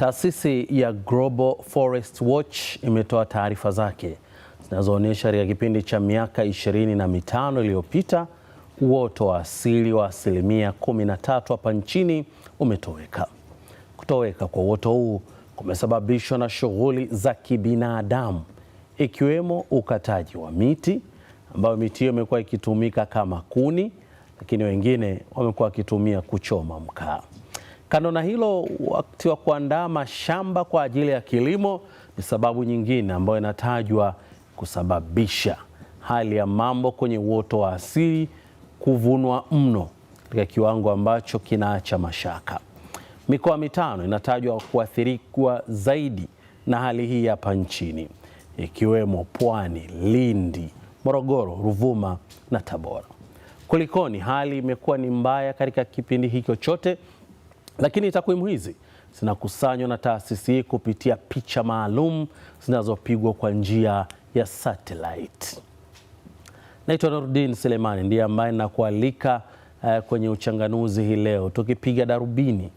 Taasisi ya Global Forest Watch imetoa taarifa zake zinazoonyesha katika kipindi cha miaka ishirini na mitano iliyopita uoto wa asili wa asilimia 13 hapa nchini umetoweka. Kutoweka kwa uoto huu kumesababishwa na shughuli za kibinadamu ikiwemo ukataji wa miti ambayo miti hiyo imekuwa ikitumika kama kuni, lakini wengine wamekuwa wakitumia kuchoma mkaa. Kando na hilo, wakati wa kuandaa mashamba kwa ajili ya kilimo ni sababu nyingine ambayo inatajwa kusababisha hali ya mambo kwenye uoto wa asili kuvunwa mno katika kiwango ambacho kinaacha mashaka. Mikoa mitano inatajwa kuathirikwa zaidi na hali hii hapa nchini ikiwemo Pwani, Lindi, Morogoro, Ruvuma na Tabora. Kulikoni hali imekuwa ni mbaya katika kipindi hicho chote? Lakini takwimu hizi zinakusanywa na taasisi hii kupitia picha maalum zinazopigwa kwa njia ya satellite. Naitwa Nurdin Selemani ndiye ambaye nakualika uh, kwenye uchanganuzi hii leo, tukipiga darubini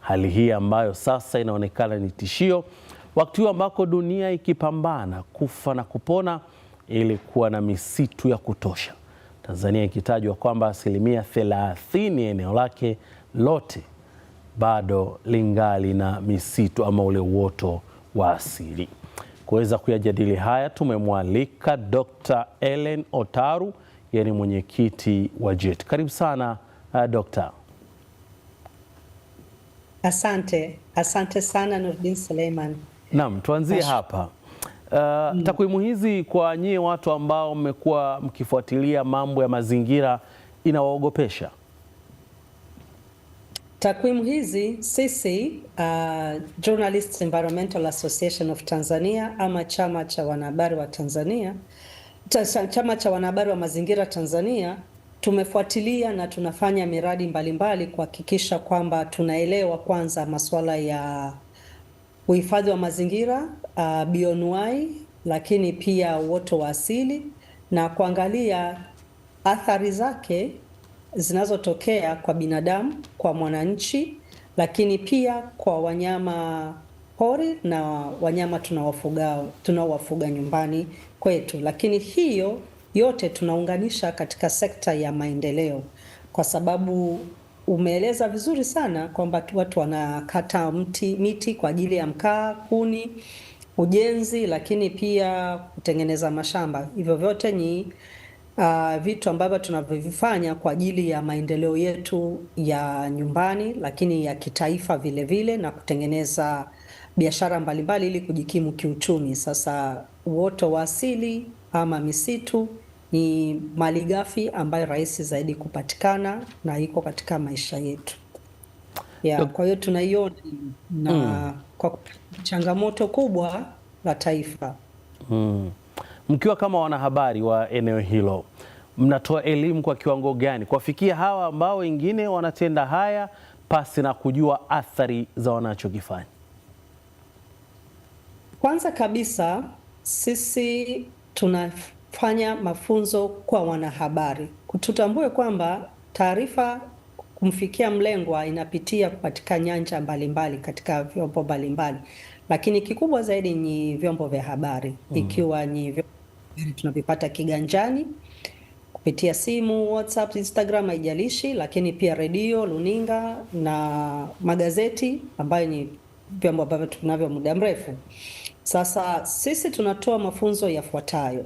hali hii ambayo sasa inaonekana ni tishio, wakati huu ambako dunia ikipambana kufa na kupona ili kuwa na misitu ya kutosha, Tanzania ikitajwa kwamba asilimia 30 eneo lake lote bado lingali na misitu ama ule uoto wa asili. Kuweza kuyajadili haya tumemwalika Dr. Ellen Otaru, yeye ni mwenyekiti wa JET. Karibu sana uh, Dr. Asante, asante sana Nurdin Suleiman. Naam, tuanzie hapa uh, mm. Takwimu hizi kwa nyie watu ambao mmekuwa mkifuatilia mambo ya mazingira inawaogopesha? Takwimu hizi sisi uh, Journalists Environmental Association of Tanzania ama chama cha wanahabari wa Tanzania chama cha wanahabari wa mazingira Tanzania tumefuatilia na tunafanya miradi mbalimbali kuhakikisha kwamba tunaelewa kwanza masuala ya uhifadhi wa mazingira uh, bioanuwai, lakini pia uoto wa asili na kuangalia athari zake zinazotokea kwa binadamu, kwa mwananchi, lakini pia kwa wanyama pori na wanyama tunaowafugao tunaowafuga nyumbani kwetu. Lakini hiyo yote tunaunganisha katika sekta ya maendeleo, kwa sababu umeeleza vizuri sana kwamba watu wanakata mti, miti kwa ajili ya mkaa, kuni, ujenzi, lakini pia kutengeneza mashamba. Hivyo vyote ni uh, vitu ambavyo tunavyovifanya kwa ajili ya maendeleo yetu ya nyumbani, lakini ya kitaifa vile vile, na kutengeneza biashara mbalimbali ili kujikimu kiuchumi. Sasa uoto wa asili ama misitu ni malighafi ambayo rahisi zaidi kupatikana na iko katika maisha yetu yeah, kwa hiyo tunaiona na mm. kwa changamoto kubwa la taifa mm mkiwa kama wanahabari wa eneo hilo mnatoa elimu kwa kiwango gani kuwafikia hawa ambao wengine wanatenda haya pasi na kujua athari za wanachokifanya? Kwanza kabisa sisi tunafanya mafunzo kwa wanahabari, tutambue kwamba taarifa kumfikia mlengwa inapitia katika nyanja mbalimbali mbali, katika vyombo mbalimbali, lakini kikubwa zaidi ni vyombo vya habari, mm. ikiwa ni vyombo habari tunavipata kiganjani kupitia simu, WhatsApp, Instagram, haijalishi, lakini pia redio, luninga na magazeti ambayo ni vyombo ambavyo tunavyo muda mrefu. Sasa sisi tunatoa mafunzo yafuatayo.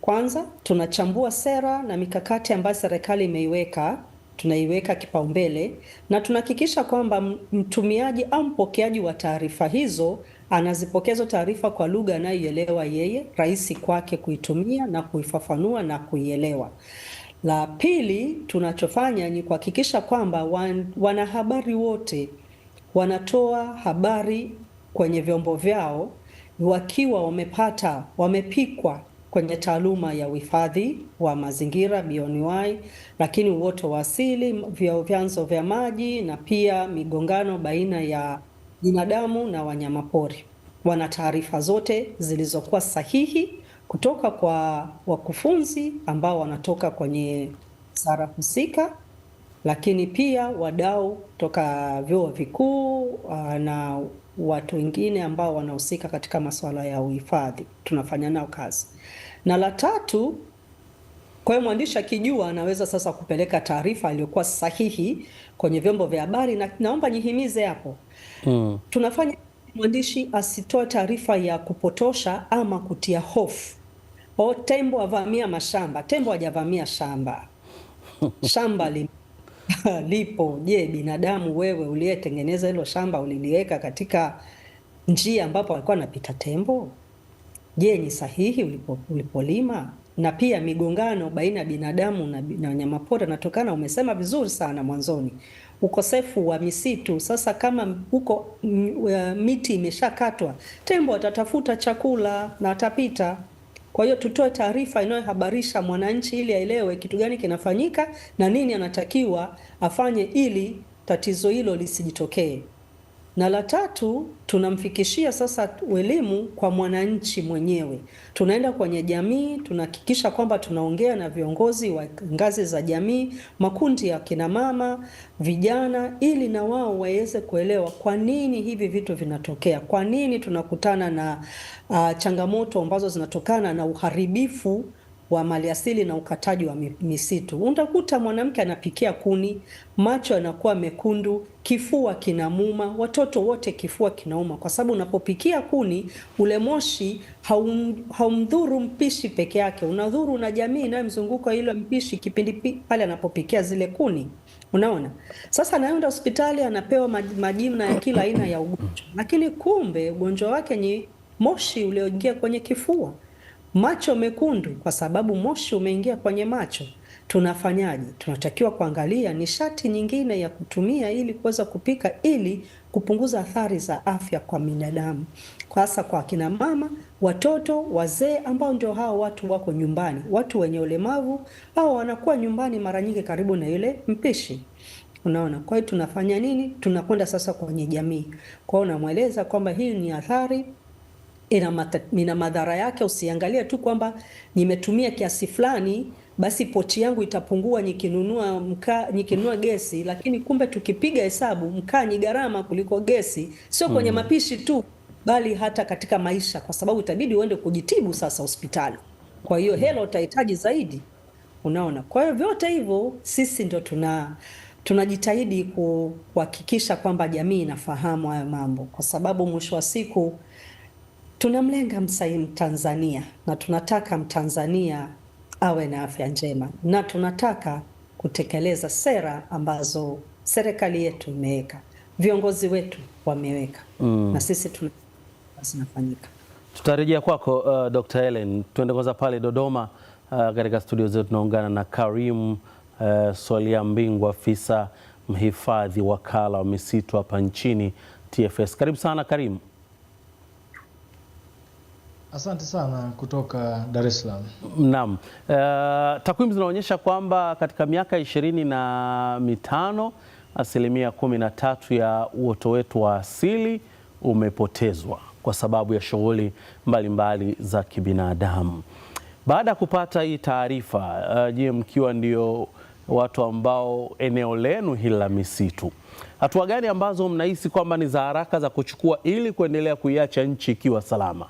Kwanza, tunachambua sera na mikakati ambayo serikali imeiweka, tunaiweka kipaumbele na tunahakikisha kwamba mtumiaji au mpokeaji wa taarifa hizo anazipokea taarifa kwa lugha anayoielewa yeye, rahisi kwake kuitumia na kuifafanua na kuielewa. La pili tunachofanya ni kuhakikisha kwamba wan, wanahabari wote wanatoa habari kwenye vyombo vyao wakiwa wamepata wamepikwa kwenye taaluma ya uhifadhi wa mazingira BioanuWai, lakini uoto wa asili, vyanzo vya maji na pia migongano baina ya binadamu na wanyamapori wana taarifa zote zilizokuwa sahihi kutoka kwa wakufunzi ambao wanatoka kwenye sara husika, lakini pia wadau kutoka vyuo vikuu uh, na watu wengine ambao wanahusika katika masuala ya uhifadhi, tunafanya nao kazi. Na la tatu, kwa hiyo mwandishi akijua anaweza sasa kupeleka taarifa aliyokuwa sahihi kwenye vyombo vya habari, na naomba nihimize hapo mm. tunafanya mwandishi asitoe taarifa ya kupotosha ama kutia hofu. O, tembo avamia mashamba. Tembo hajavamia shamba, shamba li, lipo. Je, binadamu wewe uliyetengeneza hilo shamba uliliweka katika njia ambapo alikuwa anapita tembo? Je, ni sahihi ulipo, ulipolima? Na pia migongano baina ya binadamu na wanyamapori natokana, umesema vizuri sana mwanzoni ukosefu wa misitu. Sasa kama huko mm, uh, miti imeshakatwa, tembo atatafuta chakula na atapita. Kwa hiyo tutoe taarifa inayohabarisha mwananchi ili aelewe kitu gani kinafanyika na nini anatakiwa afanye ili tatizo hilo lisijitokee na la tatu tunamfikishia sasa elimu kwa mwananchi mwenyewe. Tunaenda kwenye jamii, tunahakikisha kwamba tunaongea na viongozi wa ngazi za jamii, makundi ya kina mama, vijana, ili na wao waweze kuelewa kwa nini hivi vitu vinatokea, kwa nini tunakutana na uh, changamoto ambazo zinatokana na uharibifu wa mali asili na ukataji wa misitu. Utakuta mwanamke anapikia kuni, macho yanakuwa mekundu, kifua kinamuma, watoto wote kifua kinauma, kwa sababu unapopikia kuni ule moshi haum, haumdhuru mpishi peke yake, unadhuru na jamii inayomzunguka ile mpishi kipindi pale anapopikia zile kuni. Unaona, sasa anaenda hospitali anapewa majina ya kila aina ya ugonjwa, lakini kumbe ugonjwa wake ni moshi ulioingia kwenye kifua. Macho mekundu kwa sababu moshi umeingia kwenye macho, tunafanyaje? Tunatakiwa kuangalia nishati nyingine ya kutumia ili kuweza kupika ili kupunguza athari za afya kwa binadamu, hasa kwa akina mama, watoto, wazee ambao ndio hao watu wako nyumbani, watu wenye ulemavu au wanakuwa nyumbani mara nyingi karibu na yule mpishi. Unaona, kwa hiyo tunafanya nini? Tunakwenda sasa kwenye jamii. Kwa hiyo unamweleza kwamba hii ni athari ina madhara yake. Usiangalie tu kwamba nimetumia kiasi fulani basi pochi yangu itapungua nikinunua mkaa nikinunua gesi, lakini kumbe tukipiga hesabu mkaa ni gharama kuliko gesi, sio kwenye mm, mapishi tu, bali hata katika maisha, kwa sababu itabidi uende kujitibu sasa hospitali, kwa hiyo mm. hela utahitaji zaidi. Unaona, kwa hiyo vyote hivyo sisi ndo tuna tunajitahidi kuhakikisha kwamba jamii inafahamu hayo mambo, kwa sababu mwisho wa siku Tunamlenga Mtanzania na tunataka Mtanzania awe na afya njema na tunataka kutekeleza sera ambazo serikali yetu imeweka, viongozi wetu wameweka mm. na sisi tuna zinafanyika. Tutarejea kwako uh, Dr. Helen, tuende kwanza pale Dodoma uh, katika uh, studio zetu tunaungana na Karim uh, mbingu afisa mhifadhi wakala wa misitu hapa nchini TFS. Karibu sana Karim. Asante sana kutoka Dar es Salaam. Naam. Uh, takwimu zinaonyesha kwamba katika miaka ishirini na mitano asilimia kumi na tatu ya uoto wetu wa asili umepotezwa kwa sababu ya shughuli mbalimbali za kibinadamu. Baada ya kupata hii taarifa, uh, je, mkiwa ndio watu ambao eneo lenu hili la misitu, hatua gani ambazo mnahisi kwamba ni za haraka za kuchukua ili kuendelea kuiacha nchi ikiwa salama?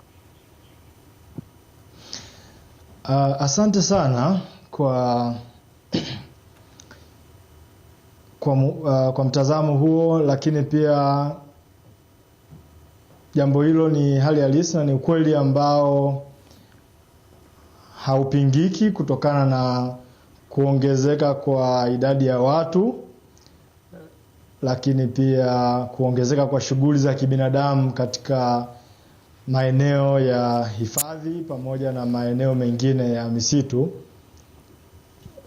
Uh, asante sana kwa kwa, uh, kwa mtazamo huo, lakini pia jambo hilo ni hali halisi na ni ukweli ambao haupingiki kutokana na kuongezeka kwa idadi ya watu, lakini pia kuongezeka kwa shughuli za kibinadamu katika maeneo ya hifadhi pamoja na maeneo mengine ya misitu.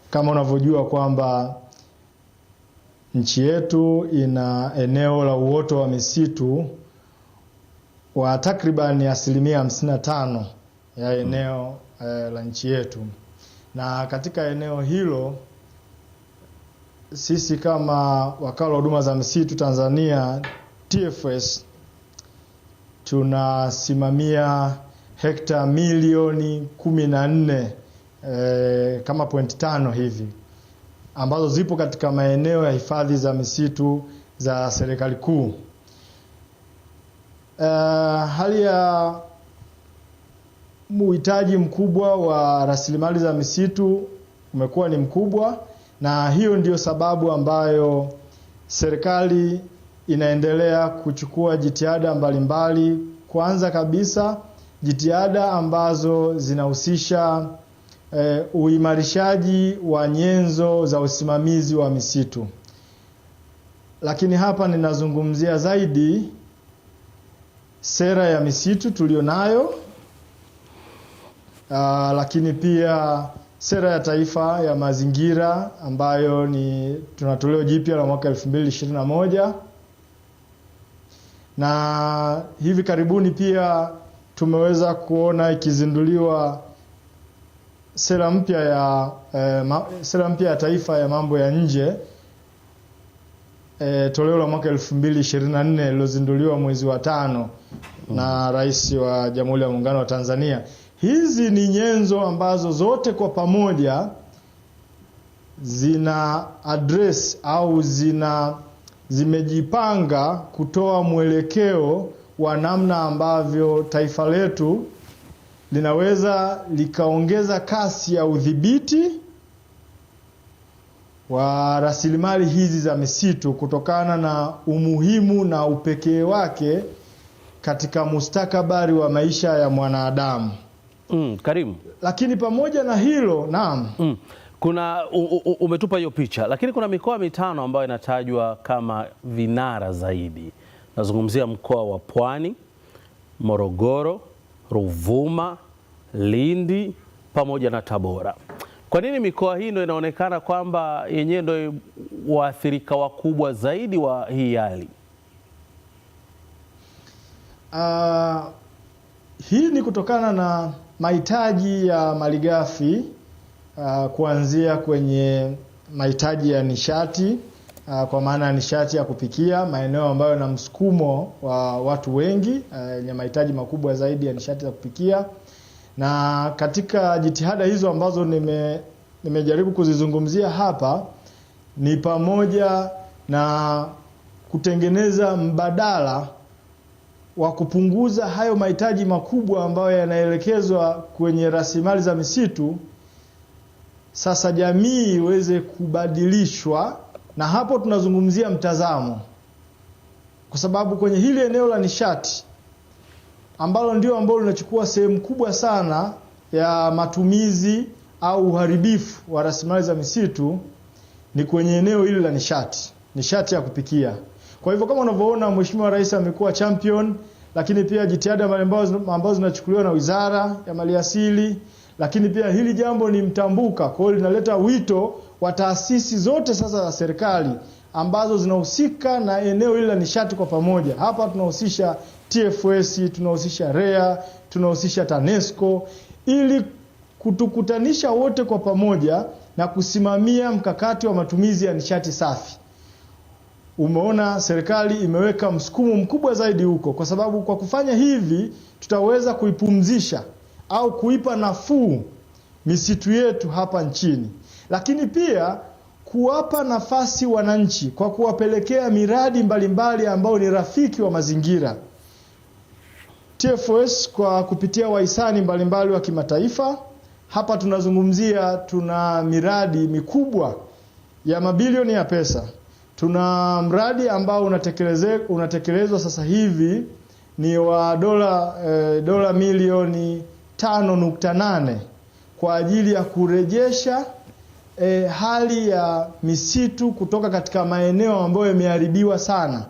Kama unavyojua kwamba nchi yetu ina eneo la uoto wa misitu wa takribani asilimia 55 tano ya hmm. eneo eh, la nchi yetu, na katika eneo hilo sisi kama wakala wa huduma za misitu Tanzania TFS tunasimamia hekta milioni kumi na nne e, kama point tano hivi ambazo zipo katika maeneo ya hifadhi za misitu za serikali kuu. E, hali ya uhitaji mkubwa wa rasilimali za misitu umekuwa ni mkubwa, na hiyo ndiyo sababu ambayo serikali inaendelea kuchukua jitihada mbalimbali. Kwanza kabisa jitihada ambazo zinahusisha e, uimarishaji wa nyenzo za usimamizi wa misitu, lakini hapa ninazungumzia zaidi sera ya misitu tuliyonayo, ah, lakini pia sera ya taifa ya mazingira ambayo ni tunatoleo jipya la mwaka 2021 na hivi karibuni pia tumeweza kuona ikizinduliwa sera mpya ya eh, ma, sera mpya ya taifa ya mambo ya nje eh, toleo la mwaka 2024 lilozinduliwa mwezi wa tano na Rais wa Jamhuri ya Muungano wa Tanzania. Hizi ni nyenzo ambazo zote kwa pamoja zina address au zina zimejipanga kutoa mwelekeo wa namna ambavyo taifa letu linaweza likaongeza kasi ya udhibiti wa rasilimali hizi za misitu kutokana na umuhimu na upekee wake katika mustakabali wa maisha ya mwanadamu. Mm, Karimu. Lakini pamoja na hilo, naam. Mm kuna umetupa hiyo picha, lakini kuna mikoa mitano ambayo inatajwa kama vinara zaidi. Nazungumzia mkoa wa Pwani, Morogoro, Ruvuma, Lindi pamoja na Tabora. Kwa nini mikoa hii ndio inaonekana kwamba yenyewe ndio waathirika wakubwa zaidi wa hii hali? Uh, hii ni kutokana na mahitaji ya malighafi uh, kuanzia kwenye mahitaji ya nishati uh, kwa maana ya nishati ya kupikia, maeneo ambayo na msukumo wa watu wengi ah, yenye uh, mahitaji makubwa zaidi ya nishati za kupikia. Na katika jitihada hizo ambazo nime nimejaribu kuzizungumzia hapa ni pamoja na kutengeneza mbadala wa kupunguza hayo mahitaji makubwa ambayo yanaelekezwa kwenye rasilimali za misitu sasa jamii iweze kubadilishwa, na hapo tunazungumzia mtazamo, kwa sababu kwenye hili eneo la nishati ambalo ndio ambalo linachukua sehemu kubwa sana ya matumizi au uharibifu wa rasilimali za misitu ni kwenye eneo hili la nishati, nishati ya kupikia. Kwa hivyo kama unavyoona, Mheshimiwa Rais amekuwa champion, lakini pia jitihada mbalimbali ambazo zinachukuliwa na Wizara ya Maliasili lakini pia hili jambo ni mtambuka. Kwa hiyo linaleta wito wa taasisi zote sasa za serikali ambazo zinahusika na eneo hili la nishati kwa pamoja. Hapa tunahusisha TFS, tunahusisha REA, tunahusisha TANESCO ili kutukutanisha wote kwa pamoja na kusimamia mkakati wa matumizi ya nishati safi. Umeona serikali imeweka msukumo mkubwa zaidi huko, kwa sababu kwa kufanya hivi tutaweza kuipumzisha au kuipa nafuu misitu yetu hapa nchini, lakini pia kuwapa nafasi wananchi kwa kuwapelekea miradi mbalimbali ambayo ni rafiki wa mazingira. TFS kwa kupitia wahisani mbalimbali wa kimataifa, hapa tunazungumzia, tuna miradi mikubwa ya mabilioni ya pesa. Tuna mradi ambao unatekelezwa sasa hivi ni wa dola eh, dola milioni 5.8 kwa ajili ya kurejesha e, hali ya misitu kutoka katika maeneo ambayo yameharibiwa sana.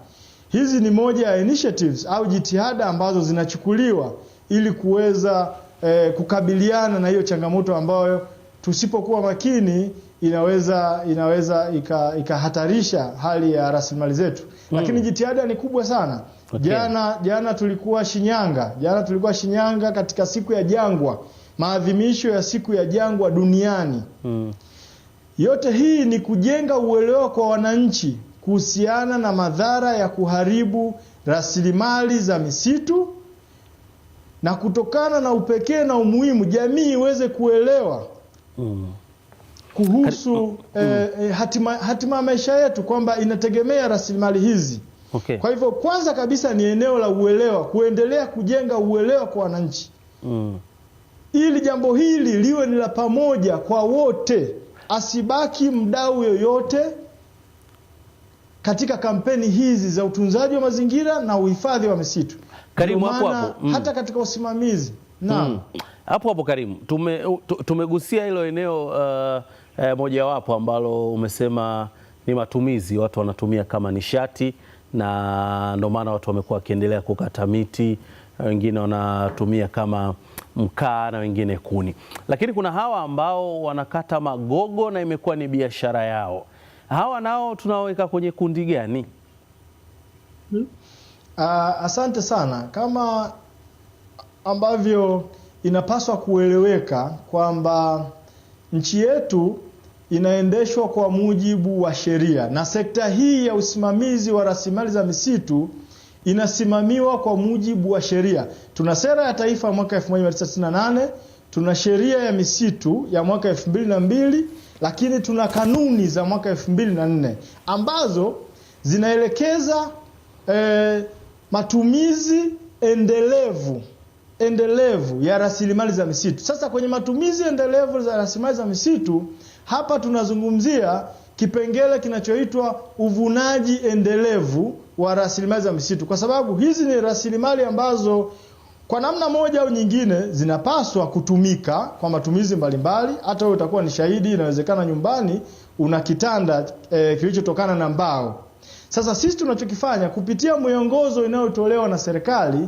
Hizi ni moja ya initiatives au jitihada ambazo zinachukuliwa ili kuweza e, kukabiliana na hiyo changamoto ambayo tusipokuwa makini inaweza inaweza ikahatarisha ika hali ya rasilimali zetu mm. Lakini jitihada ni kubwa sana okay. Jana jana tulikuwa Shinyanga, jana tulikuwa Shinyanga katika siku ya jangwa, maadhimisho ya siku ya jangwa duniani mm. Yote hii ni kujenga uelewa kwa wananchi kuhusiana na madhara ya kuharibu rasilimali za misitu na kutokana na upekee na umuhimu jamii iweze kuelewa mm kuhusu oh, eh, mm. eh, hatima, hatima ya maisha yetu kwamba inategemea rasilimali hizi. Okay. Kwa hivyo kwanza kabisa ni eneo la uelewa, kuendelea kujenga uelewa kwa wananchi mm. ili jambo hili liwe ni la pamoja kwa wote, asibaki mdau yoyote katika kampeni hizi za utunzaji wa mazingira na uhifadhi wa misitu. Karimu hapo hapo mm. hata katika usimamizi naam, mm. hapo mm. hapo Karimu tume, tumegusia hilo eneo uh, e, mojawapo ambalo umesema ni matumizi, watu wanatumia kama nishati, na ndio maana watu wamekuwa wakiendelea kukata miti, wengine wanatumia kama mkaa na wengine kuni, lakini kuna hawa ambao wanakata magogo na imekuwa ni biashara yao. Hawa nao tunaweka kwenye kundi gani? hmm. Uh, asante sana. Kama ambavyo inapaswa kueleweka kwamba Nchi yetu inaendeshwa kwa mujibu wa sheria, na sekta hii ya usimamizi wa rasilimali za misitu inasimamiwa kwa mujibu wa sheria. Tuna sera ya taifa ya mwaka 1998, tuna sheria ya misitu ya mwaka 2002, lakini tuna kanuni za mwaka 2004 ambazo zinaelekeza eh, matumizi endelevu endelevu ya rasilimali za misitu. Sasa kwenye matumizi endelevu za rasilimali za misitu, hapa tunazungumzia kipengele kinachoitwa uvunaji endelevu wa rasilimali za misitu, kwa sababu hizi ni rasilimali ambazo kwa namna moja au nyingine zinapaswa kutumika kwa matumizi mbalimbali. Hata wewe utakuwa ni shahidi, inawezekana nyumbani una kitanda e, kilichotokana na mbao. Sasa sisi tunachokifanya kupitia miongozo inayotolewa na serikali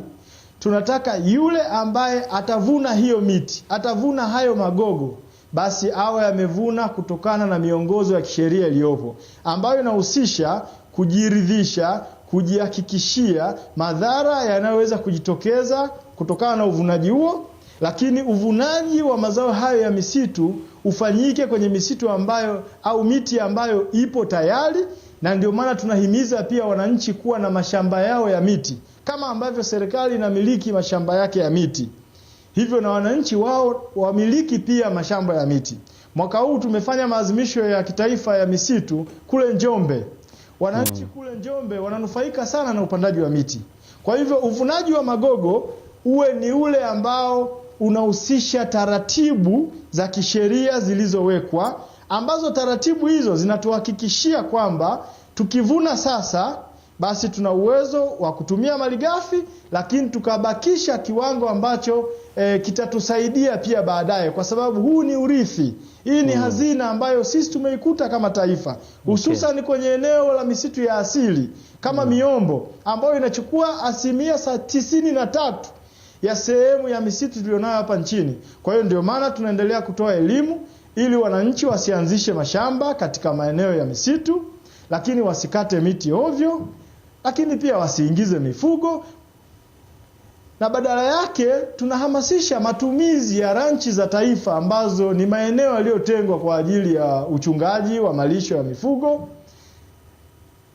tunataka yule ambaye atavuna hiyo miti, atavuna hayo magogo, basi awe amevuna kutokana na miongozo ya kisheria iliyopo ambayo inahusisha kujiridhisha, kujihakikishia madhara yanayoweza kujitokeza kutokana na uvunaji huo, lakini uvunaji wa mazao hayo ya misitu ufanyike kwenye misitu ambayo au miti ambayo ipo tayari, na ndio maana tunahimiza pia wananchi kuwa na mashamba yao ya miti kama ambavyo serikali inamiliki mashamba yake ya miti, hivyo na wananchi wao wamiliki pia mashamba ya miti. Mwaka huu tumefanya maazimisho ya kitaifa ya misitu kule Njombe. Wananchi hmm, kule Njombe wananufaika sana na upandaji wa miti. Kwa hivyo uvunaji wa magogo uwe ni ule ambao unahusisha taratibu za kisheria zilizowekwa, ambazo taratibu hizo zinatuhakikishia kwamba tukivuna sasa basi tuna uwezo wa kutumia malighafi, lakini tukabakisha kiwango ambacho e, kitatusaidia pia baadaye, kwa sababu huu ni urithi. Hii ni mm. hazina ambayo sisi tumeikuta kama taifa, hususan okay. kwenye eneo la misitu ya asili kama mm. miombo ambayo inachukua asilimia tisini na tatu ya sehemu ya misitu tuliyonayo hapa nchini. Kwa hiyo ndio maana tunaendelea kutoa elimu ili wananchi wasianzishe mashamba katika maeneo ya misitu, lakini wasikate miti ovyo lakini pia wasiingize mifugo, na badala yake tunahamasisha matumizi ya ranchi za taifa ambazo ni maeneo yaliyotengwa kwa ajili ya uchungaji wa malisho ya mifugo,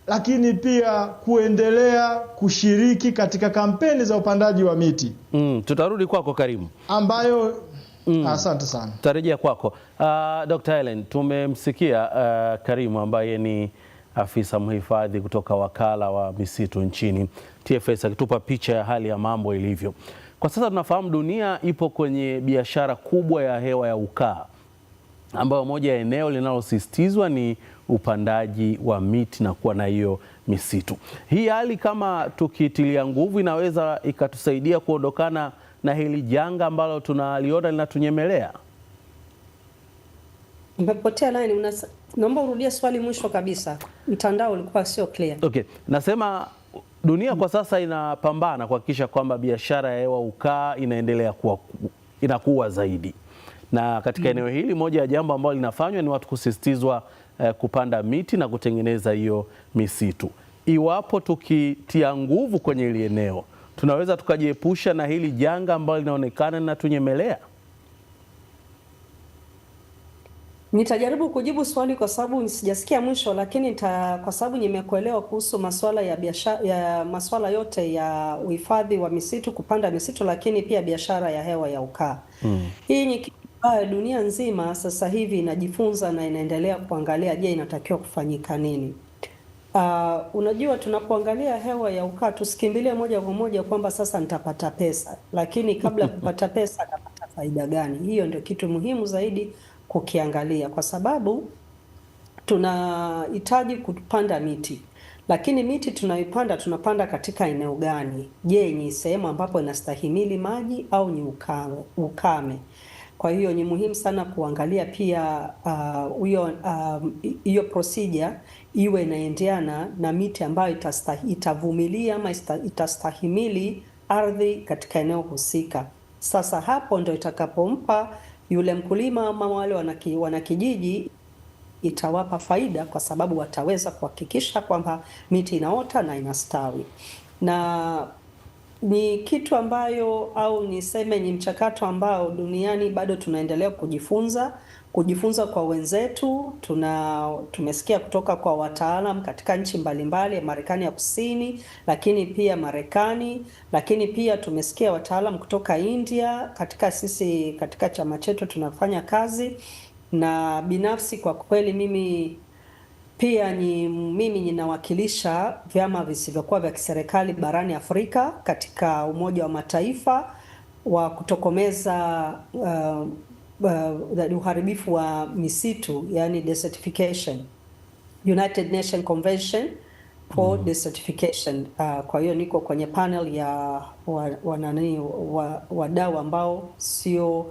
lakini pia kuendelea kushiriki katika kampeni za upandaji wa miti. Mm, tutarudi kwako Karimu, ambayo Mm. Asante sana, tutarejea kwako. Uh, ah, Dr. Helen tumemsikia uh, Karimu ambaye ni afisa mhifadhi kutoka wakala wa misitu nchini TFS, akitupa picha ya hali ya mambo ilivyo kwa sasa. Tunafahamu dunia ipo kwenye biashara kubwa ya hewa ya ukaa ambayo moja ya eneo linalosisitizwa ni upandaji wa miti na kuwa na hiyo misitu. Hii hali kama tukitilia nguvu, inaweza ikatusaidia kuondokana na hili janga ambalo tunaliona linatunyemelea. Umepotea line unasa... naomba urudie swali mwisho kabisa, mtandao ulikuwa sio clear. Okay, nasema dunia kwa sasa inapambana kuhakikisha kwamba biashara ya hewa ukaa inaendelea kuwa inakuwa zaidi, na katika mm. eneo hili moja ya jambo ambalo linafanywa ni watu kusisitizwa eh, kupanda miti na kutengeneza hiyo misitu. Iwapo tukitia nguvu kwenye hili eneo tunaweza tukajiepusha na hili janga ambalo linaonekana linatunyemelea. Nitajaribu kujibu swali kwa sababu sijasikia mwisho, lakini nita, kwa sababu nimekuelewa kuhusu masuala ya biashara ya masuala yote ya uhifadhi wa misitu, kupanda misitu, lakini pia biashara ya hewa ya ukaa mm. Hii ni kitu dunia nzima sasa hivi inajifunza na inaendelea kuangalia, je, inatakiwa kufanyika nini? Uh, unajua tunapoangalia hewa ya ukaa tusikimbilie moja kwa moja kwamba sasa nitapata pesa, lakini kabla ya kupata pesa napata faida gani? Hiyo ndio kitu muhimu zaidi kukiangalia kwa sababu tunahitaji kupanda miti lakini miti tunaipanda tunapanda katika eneo gani? Je, ni sehemu ambapo inastahimili maji au ni ukame? Kwa hiyo ni muhimu sana kuangalia pia uh, hiyo uh, uh, procedure iwe inaendeana na miti ambayo itavumilia ama itastahimili ardhi katika eneo husika. Sasa hapo ndo itakapompa yule mkulima ama wale wanaki, wanakijiji itawapa faida kwa sababu wataweza kuhakikisha kwamba miti inaota na inastawi, na ni kitu ambayo au niseme ni mchakato ambao duniani bado tunaendelea kujifunza kujifunza kwa wenzetu. Tuna tumesikia kutoka kwa wataalam katika nchi mbalimbali, Marekani ya Kusini, lakini pia Marekani, lakini pia tumesikia wataalam kutoka India katika sisi katika chama chetu tunafanya kazi na binafsi kwa kweli mimi pia ni mimi ninawakilisha vyama visivyokuwa vya kiserikali barani Afrika katika Umoja wa Mataifa wa kutokomeza uh, uh, uharibifu wa misitu yani desertification, United Nations Convention for mm. desertification. Uh, kwa hiyo niko kwenye panel ya wanani wa, wa, wa ambao sio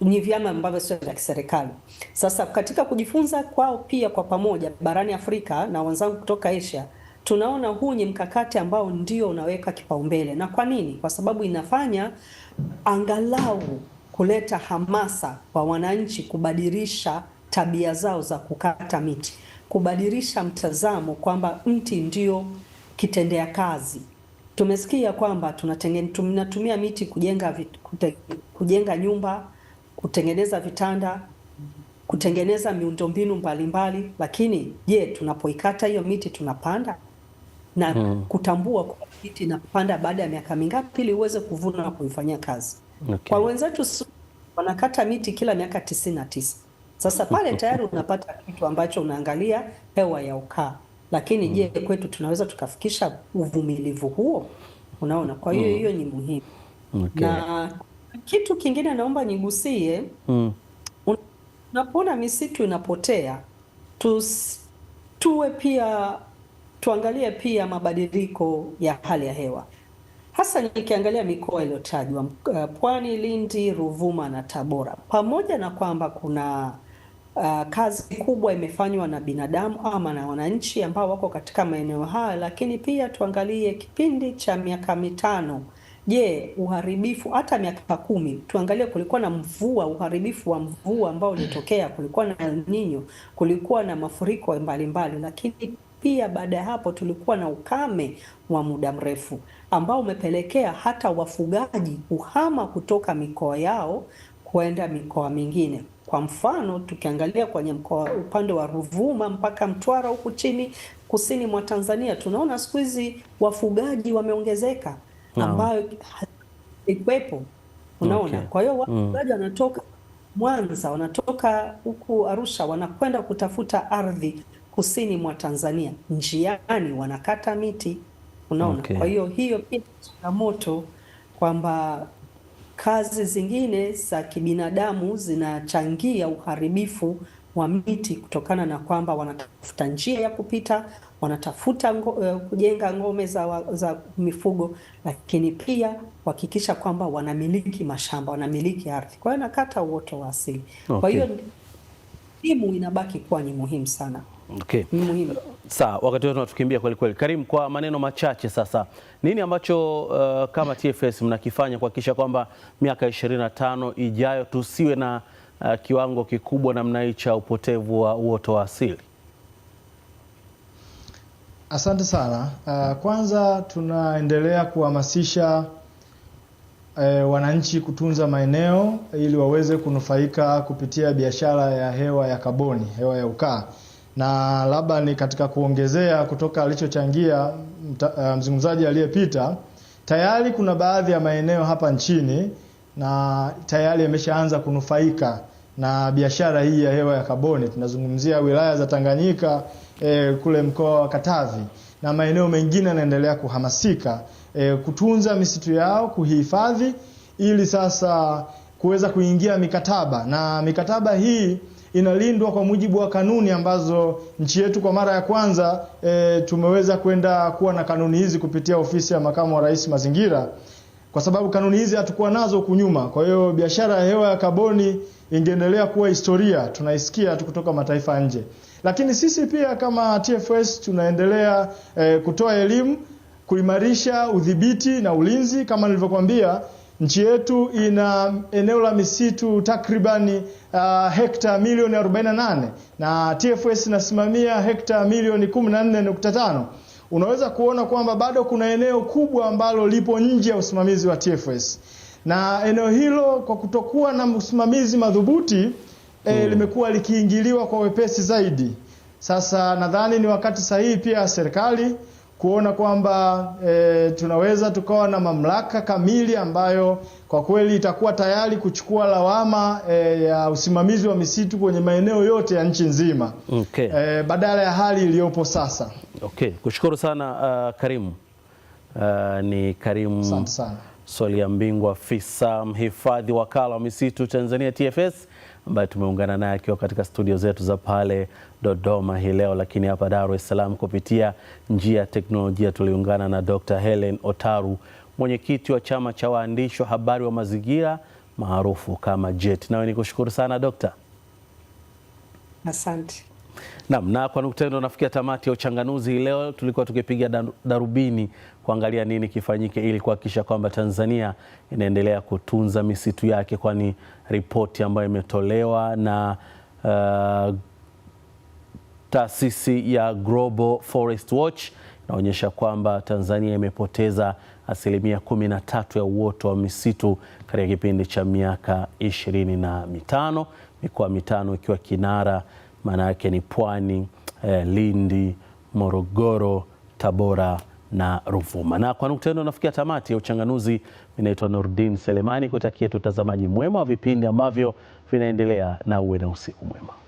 ni vyama ambavyo sio vya kiserikali. Sasa katika kujifunza kwao pia kwa pamoja barani Afrika na wenzangu kutoka Asia, tunaona huu ni mkakati ambao ndio unaweka kipaumbele. Na kwa nini? Kwa sababu inafanya angalau kuleta hamasa kwa wananchi kubadilisha tabia zao za kukata miti, kubadilisha mtazamo kwamba mti ndio kitendea kazi. Tumesikia kwamba tunatumia miti kujenga, kujenga nyumba, kutengeneza vitanda, kutengeneza miundombinu mbalimbali, lakini je, tunapoikata hiyo miti tunapanda na hmm, kutambua kwa miti inapanda baada ya miaka mingapi ili uweze kuvuna na kuifanyia kazi. Okay. Kwa wenzetu wanakata miti kila miaka tisini na tisa. Sasa pale tayari unapata kitu ambacho unaangalia hewa ya ukaa, lakini mm. je, kwetu tunaweza tukafikisha uvumilivu huo? Unaona, kwa hiyo mm. hiyo mm. ni muhimu okay. na kitu kingine naomba nigusie mm. unapoona misitu inapotea tus, tuwe pia tuangalie pia mabadiliko ya hali ya hewa Hasa nikiangalia mikoa iliyotajwa uh, Pwani, Lindi, Ruvuma na Tabora, pamoja na kwamba kuna uh, kazi kubwa imefanywa na binadamu ama na wananchi ambao wako katika maeneo hayo, lakini pia tuangalie kipindi cha miaka mitano. Je, uharibifu hata miaka kumi, tuangalie kulikuwa na mvua, uharibifu wa mvua ambao ulitokea, kulikuwa na El Nino, kulikuwa na mafuriko mbalimbali, lakini pia baada ya hapo tulikuwa na ukame wa muda mrefu ambao umepelekea hata wafugaji kuhama kutoka mikoa yao kwenda mikoa mingine. Kwa mfano tukiangalia kwenye mkoa upande wa Ruvuma mpaka Mtwara huku chini kusini mwa Tanzania, tunaona siku hizi wafugaji wameongezeka ambayo ikwepo, unaona okay. Kwa hiyo mm. wafugaji wanatoka Mwanza, wanatoka huku Arusha, wanakwenda kutafuta ardhi kusini mwa Tanzania, njiani wanakata miti, unaona okay. Kwa hiyo hiyo pia changamoto kwamba kazi zingine za kibinadamu zinachangia uharibifu wa miti kutokana na kwamba wanatafuta njia ya kupita, wanatafuta ngo, uh, kujenga ngome za, za mifugo, lakini pia kuhakikisha kwamba wanamiliki mashamba, wanamiliki ardhi, kwa hiyo nakata uoto wa asili okay. Kwa hiyo elimu inabaki kuwa ni muhimu sana okay. Muhimu. Sawa, wakati wetu natukimbia kweli kweli. Karim, kwa maneno machache sasa, nini ambacho uh, kama TFS mnakifanya kuhakikisha kwamba miaka 25 ijayo tusiwe na uh, kiwango kikubwa namna hii cha upotevu wa uoto wa asili? Asante sana. Uh, kwanza tunaendelea kuhamasisha E, wananchi kutunza maeneo ili waweze kunufaika kupitia biashara ya hewa ya kaboni, hewa ya ukaa na labda ni katika kuongezea kutoka alichochangia eh, mzungumzaji aliyepita, tayari kuna baadhi ya maeneo hapa nchini na tayari yameshaanza kunufaika na biashara hii ya hewa ya kaboni. Tunazungumzia wilaya za Tanganyika e, kule mkoa wa Katavi na maeneo mengine yanaendelea kuhamasika e, kutunza misitu yao, kuhifadhi ili sasa kuweza kuingia mikataba na mikataba hii inalindwa kwa mujibu wa kanuni ambazo nchi yetu kwa mara ya kwanza e, tumeweza kwenda kuwa na kanuni hizi kupitia ofisi ya makamu wa rais mazingira, kwa sababu kanuni hizi hatukuwa nazo huku nyuma. Kwa hiyo biashara ya hewa ya kaboni ingeendelea kuwa historia, tunaisikia tu kutoka mataifa nje. Lakini sisi pia kama TFS tunaendelea e, kutoa elimu, kuimarisha udhibiti na ulinzi kama nilivyokuambia. Nchi yetu ina eneo la misitu takribani uh, hekta milioni 48 na TFS inasimamia hekta milioni 14.5. Unaweza kuona kwamba bado kuna eneo kubwa ambalo lipo nje ya usimamizi wa TFS na eneo hilo kwa kutokuwa na usimamizi madhubuti mm. e, limekuwa likiingiliwa kwa wepesi zaidi. Sasa nadhani ni wakati sahihi pia serikali kuona kwamba e, tunaweza tukawa na mamlaka kamili ambayo kwa kweli itakuwa tayari kuchukua lawama e, ya usimamizi wa misitu kwenye maeneo yote ya nchi nzima okay. E, badala ya hali iliyopo sasa okay. Kushukuru sana uh, Karimu uh, ni Karimu mbingwa afisa mhifadhi wakala wa misitu Tanzania TFS, ambaye tumeungana naye akiwa katika studio zetu za pale Dodoma hii leo, lakini hapa Dar es Salaam kupitia njia ya teknolojia tuliungana na Dr. Helen Otaru, mwenyekiti wa chama cha waandishi wa habari wa mazingira maarufu kama JET. Nawe ni kushukuru sana Dokta. Asante. Naam, na kwa nukta ndo nafikia tamati ya uchanganuzi. Leo tulikuwa tukipiga darubini kuangalia nini kifanyike ili kuhakikisha kwamba Tanzania inaendelea kutunza misitu yake, kwani ripoti ambayo imetolewa na uh, Taasisi ya Global Forest Watch inaonyesha kwamba Tanzania imepoteza asilimia tatu ya uoto wa misitu katika kipindi cha miaka ishirini na mitano, mikoa mitano ikiwa kinara, maana yake ni Pwani, eh, Lindi, Morogoro, Tabora na Ruvuma. Na kwa nukta hiyo nafikia tamati ya uchanganuzi. Ninaitwa Nurdin Selemani, kutakia tutazamaji mwema wa vipindi ambavyo vinaendelea, na uwe na usiku mwema.